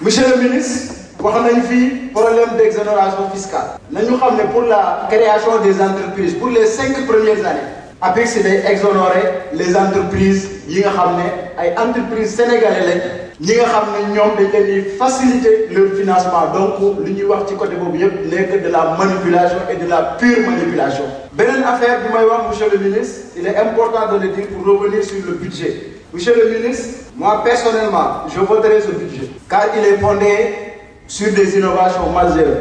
monsieur le ministre wax nañ fii problème d' exonération fiscale nañu xam ne pour la création des entreprises pour les cinq premières années APIX day exonérer les entreprises yi nga xam ne ay entreprises sénégalaises lañ ñi nga xam ne ñoom de leen faciliter leur financement donc lu ñuy wax ci côté boobu yëpp nekk de la manipulation et de la pure manipulation. beneen affaire bi may wax monsieur le ministre il est important de le dire pour revenir sur le budget monsieur le ministre moi personnellement je voterai ce budget car il est fondé sur des innovations majeures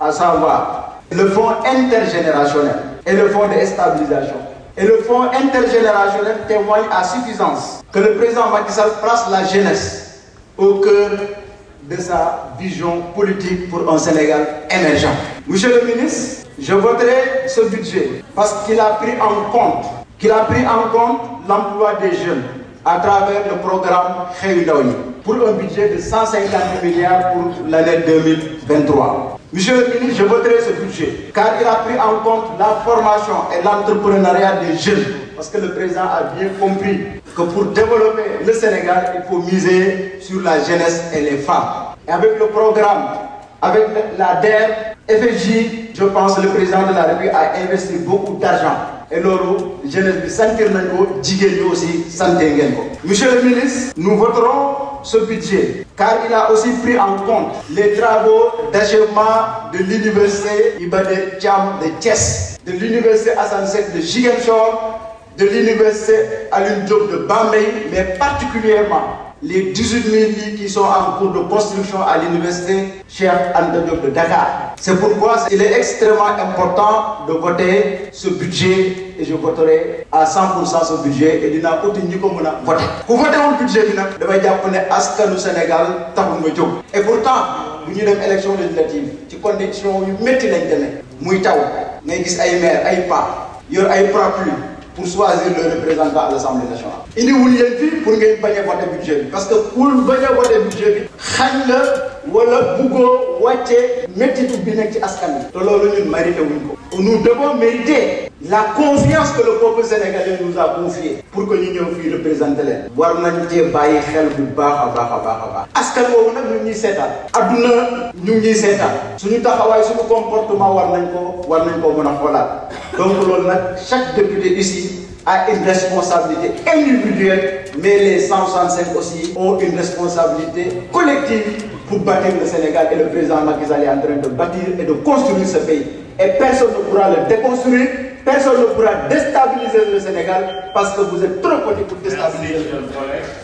à savoir le fonds intergénérationnel et le fonds de stabilisation et le fonds intergénérationnel témoigne à suffisance que le président Macky Sall la jeunesse au cœur de sa vision politique pour un Sénégal émergent. Monsieur le ministre, je voterai ce budget parce qu'il a pris en compte, qu'il a pris en compte l'emploi des jeunes à travers le programme Xëyu Ndaw pour un budget de 150 milliards pour l'année 2023. Monsieur le ministre, je voterai ce budget car il a pris en compte la formation et l'entrepreneuriat des jeunes parce que le président a bien compris que pour développer le Sénégal, il faut miser sur la jeunesse et les femmes. Et avec le programme, avec la DER, FFJ, je pense que le président de la République a investi beaucoup d'argent. Et l'euro, jeunesse du Sankernago, Djigéli aussi, Santengengo. Monsieur le ministre, nous voterons ce budget car il a aussi pris en compte les travaux d'achèvement de l'université Ibadé Tcham de Thiès, de l'université Hassan de Jigenshore de l'université Alioune Diop de Bambey, mais particulièrement les 18 000 lits qui sont en cours de construction à l'université Cheikh Anta Diop de Dakar. C'est pourquoi il est extrêmement important de voter ce budget et je voterai à 100% ce budget et dinaa continuer ko mën a voter. ku voté wul budget bi nag damay jàpp ne askanu Sénégal taxul ma jóg. e pourtant bu ñu dem élection législative ci condition yu métti lañ demee. muy taw ngay gis ay maire ay pa yor ay parapluie pour choisir le représentant à l'Assemblée nationale. indiwul leen fii pour ngay bañ a voté budget bi parce que pour bañ a voté budget bi xañ la wala buggoo wàccee méttitu bi nekk ci askan bi te loolu ñun mérité wuñ ko nous devons mériter. la confiance que le peuple sénégalais nous a confiée pour que ñu ñëw fii représenté leen war nañ cee bàyyi xel bu baax a baax a baax a baax askan woowu nag ñu ngi ñuy seetaan adduna ñu ngi ñuy seetaan suñu taxawaay su suñu comportement war nañ ko war nañ ko mën a xoolaat donc loolu nag chaque député ici a une responsabilité individuelle mais les 165 aussi ont une responsabilité collective pour bâtir le Sénégal et le président Macky Sall est en train de bâtir Personne ne pourra déstabiliser le Sénégal parce que vous êtes trop petit pour déstabiliser le Sénégal.